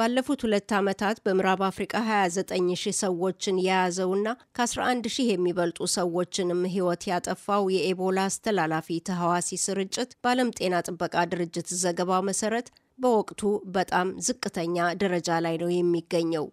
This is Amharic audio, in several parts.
ባለፉት ሁለት ዓመታት በምዕራብ አፍሪቃ 29 ሺህ ሰዎችን የያዘውና ከ11 ሺህ የሚበልጡ ሰዎችንም ሕይወት ያጠፋው የኤቦላ አስተላላፊ ተህዋሲ ስርጭት በዓለም ጤና ጥበቃ ድርጅት ዘገባ መሰረት በወቅቱ በጣም ዝቅተኛ ደረጃ ላይ ነው የሚገኘው።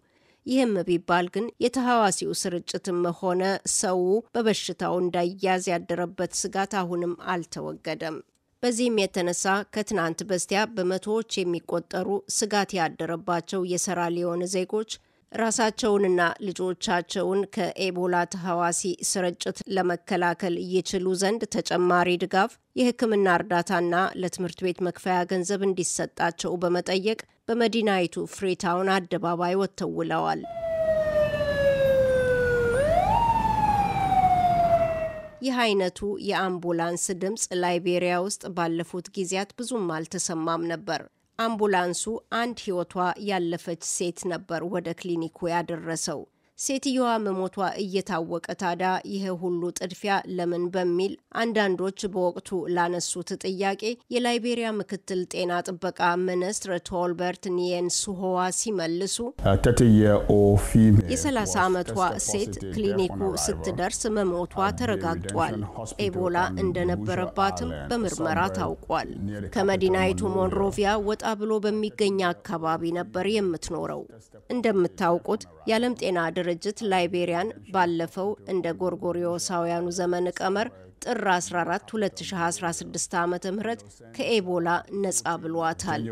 ይህም ቢባል ግን የተሐዋሲው ስርጭትም ሆነ ሰው በበሽታው እንዳያዝ ያደረበት ስጋት አሁንም አልተወገደም። በዚህም የተነሳ ከትናንት በስቲያ በመቶዎች የሚቆጠሩ ስጋት ያደረባቸው የሰራሊዮን ዜጎች ራሳቸውንና ልጆቻቸውን ከኤቦላ ተህዋሲ ስርጭት ለመከላከል ይችሉ ዘንድ ተጨማሪ ድጋፍ፣ የሕክምና እርዳታና ለትምህርት ቤት መክፈያ ገንዘብ እንዲሰጣቸው በመጠየቅ በመዲናይቱ ፍሪታውን አደባባይ ወጥተው ውለዋል። ይህ አይነቱ የአምቡላንስ ድምፅ ላይቤሪያ ውስጥ ባለፉት ጊዜያት ብዙም አልተሰማም ነበር። አምቡላንሱ አንድ ሕይወቷ ያለፈች ሴት ነበር ወደ ክሊኒኩ ያደረሰው። ሴትየዋ መሞቷ እየታወቀ ታዲያ ይህ ሁሉ ጥድፊያ ለምን በሚል አንዳንዶች በወቅቱ ላነሱት ጥያቄ የላይቤሪያ ምክትል ጤና ጥበቃ ሚኒስትር ቶልበርት ኒየን ሱሆዋ ሲመልሱ የ30 ዓመቷ ሴት ክሊኒኩ ስትደርስ መሞቷ ተረጋግጧል። ኤቦላ እንደነበረባትም በምርመራ ታውቋል። ከመዲናይቱ ሞንሮቪያ ወጣ ብሎ በሚገኝ አካባቢ ነበር የምትኖረው። እንደምታውቁት የዓለም ጤና ድርጅት ላይቤሪያን ባለፈው እንደ ጎርጎሪዮሳውያኑ ዘመን ቀመር ጥር 14 2016 ዓ ም ከኤቦላ ነጻ ብሏታል።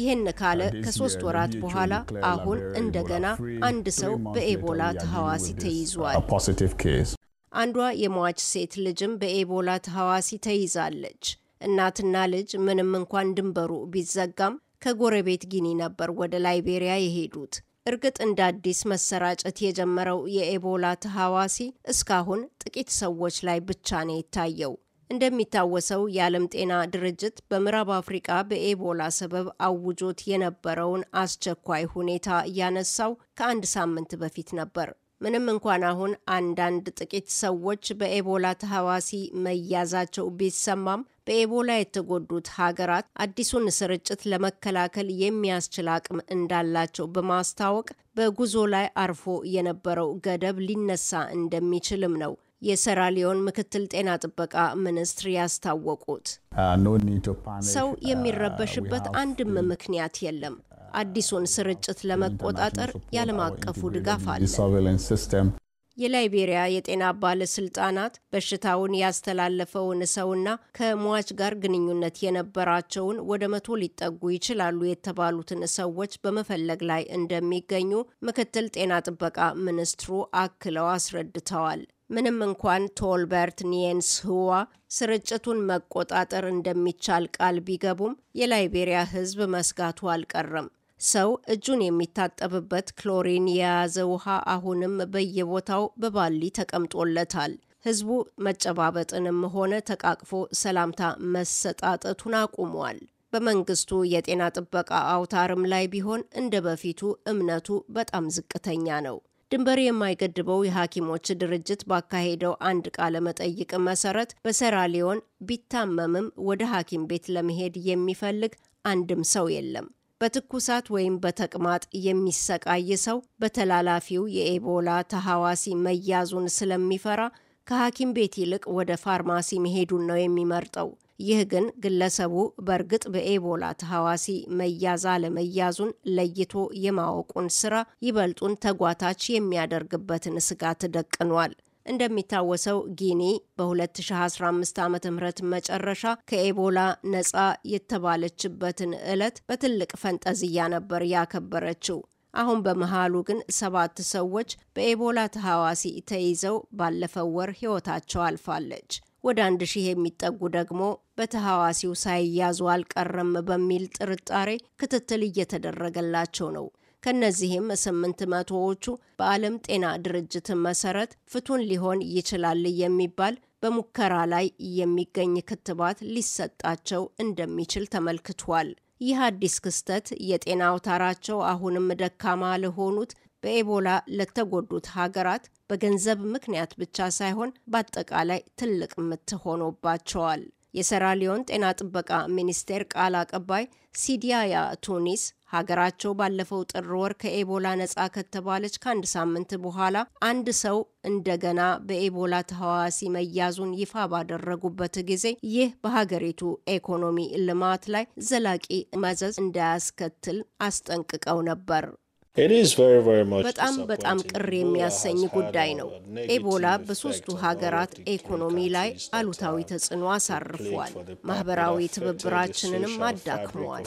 ይህን ካለ ከሶስት ወራት በኋላ አሁን እንደገና አንድ ሰው በኤቦላ ተሐዋሲ ተይዟል። አንዷ የሟች ሴት ልጅም በኤቦላ ተሐዋሲ ተይዛለች። እናትና ልጅ ምንም እንኳን ድንበሩ ቢዘጋም ከጎረቤት ጊኒ ነበር ወደ ላይቤሪያ የሄዱት። እርግጥ እንደ አዲስ መሰራጨት የጀመረው የኤቦላ ተሐዋሲ እስካሁን ጥቂት ሰዎች ላይ ብቻ ነው የታየው። እንደሚታወሰው የዓለም ጤና ድርጅት በምዕራብ አፍሪቃ በኤቦላ ሰበብ አውጆት የነበረውን አስቸኳይ ሁኔታ እያነሳው ከአንድ ሳምንት በፊት ነበር። ምንም እንኳን አሁን አንዳንድ ጥቂት ሰዎች በኤቦላ ተሐዋሲ መያዛቸው ቢሰማም በኤቦላ የተጎዱት ሀገራት አዲሱን ስርጭት ለመከላከል የሚያስችል አቅም እንዳላቸው በማስታወቅ በጉዞ ላይ አርፎ የነበረው ገደብ ሊነሳ እንደሚችልም ነው የሰራሊዮን ምክትል ጤና ጥበቃ ሚኒስትር ያስታወቁት። uh, ሰው uh, የሚረበሽበት አንድም ምክንያት የለም። አዲሱን ስርጭት ለመቆጣጠር ያለም አቀፉ ድጋፍ አለ። የላይቤሪያ የጤና ባለስልጣናት በሽታውን ያስተላለፈውን ሰውና ከሟች ጋር ግንኙነት የነበራቸውን ወደ መቶ ሊጠጉ ይችላሉ የተባሉትን ሰዎች በመፈለግ ላይ እንደሚገኙ ምክትል ጤና ጥበቃ ሚኒስትሩ አክለው አስረድተዋል። ምንም እንኳን ቶልበርት ኒየንስ ህዋ ስርጭቱን መቆጣጠር እንደሚቻል ቃል ቢገቡም የላይቤሪያ ሕዝብ መስጋቱ አልቀረም። ሰው እጁን የሚታጠብበት ክሎሪን የያዘ ውሃ አሁንም በየቦታው በባሊ ተቀምጦለታል። ህዝቡ መጨባበጥንም ሆነ ተቃቅፎ ሰላምታ መሰጣጠቱን አቁሟል። በመንግስቱ የጤና ጥበቃ አውታርም ላይ ቢሆን እንደ በፊቱ እምነቱ በጣም ዝቅተኛ ነው። ድንበር የማይገድበው የሐኪሞች ድርጅት ባካሄደው አንድ ቃለ መጠይቅ መሰረት በሰራሊዮን ቢታመምም ወደ ሐኪም ቤት ለመሄድ የሚፈልግ አንድም ሰው የለም። በትኩሳት ወይም በተቅማጥ የሚሰቃይ ሰው በተላላፊው የኤቦላ ተሐዋሲ መያዙን ስለሚፈራ ከሐኪም ቤት ይልቅ ወደ ፋርማሲ መሄዱን ነው የሚመርጠው። ይህ ግን ግለሰቡ በእርግጥ በኤቦላ ተሐዋሲ መያዝ አለመያዙን ለይቶ የማወቁን ስራ ይበልጡን ተጓታች የሚያደርግበትን ስጋት ደቅኗል። እንደሚታወሰው ጊኒ በ2015 ዓ ም መጨረሻ ከኤቦላ ነፃ የተባለችበትን ዕለት በትልቅ ፈንጠዝያ ነበር ያከበረችው። አሁን በመሃሉ ግን ሰባት ሰዎች በኤቦላ ተሐዋሲ ተይዘው ባለፈው ወር ሕይወታቸው አልፋለች። ወደ አንድ ሺህ የሚጠጉ ደግሞ በተሐዋሲው ሳይያዙ አልቀረም በሚል ጥርጣሬ ክትትል እየተደረገላቸው ነው። ከነዚህም ስምንት መቶዎቹ በዓለም ጤና ድርጅት መሰረት ፍቱን ሊሆን ይችላል የሚባል በሙከራ ላይ የሚገኝ ክትባት ሊሰጣቸው እንደሚችል ተመልክቷል። ይህ አዲስ ክስተት የጤና አውታራቸው አሁንም ደካማ ለሆኑት በኤቦላ ለተጎዱት ሀገራት በገንዘብ ምክንያት ብቻ ሳይሆን በአጠቃላይ ትልቅ ምት ሆኖባቸዋል። የሰራሊዮን ጤና ጥበቃ ሚኒስቴር ቃል አቀባይ ሲዲያያ ቱኒስ ሀገራቸው ባለፈው ጥር ወር ከኤቦላ ነፃ ከተባለች ከአንድ ሳምንት በኋላ አንድ ሰው እንደገና በኤቦላ ተህዋሲ መያዙን ይፋ ባደረጉበት ጊዜ ይህ በሀገሪቱ ኢኮኖሚ ልማት ላይ ዘላቂ መዘዝ እንዳያስከትል አስጠንቅቀው ነበር። በጣም በጣም ቅር የሚያሰኝ ጉዳይ ነው። ኤቦላ በሶስቱ ሀገራት ኢኮኖሚ ላይ አሉታዊ ተጽዕኖ አሳርፏል። ማህበራዊ ትብብራችንንም አዳክመዋል።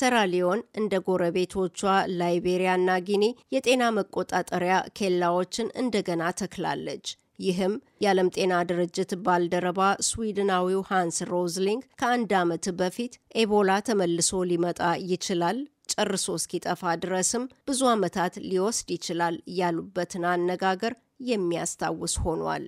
ሰራሊዮን እንደ ጎረቤቶቿ ላይቤሪያ ና ጊኒ የጤና መቆጣጠሪያ ኬላዎችን እንደገና ተክላለች። ይህም የዓለም ጤና ድርጅት ባልደረባ ስዊድናዊው ሃንስ ሮዝሊንግ ከአንድ ዓመት በፊት ኤቦላ ተመልሶ ሊመጣ ይችላል ጨርሶ እስኪጠፋ ድረስም ብዙ ዓመታት ሊወስድ ይችላል ያሉበትን አነጋገር የሚያስታውስ ሆኗል።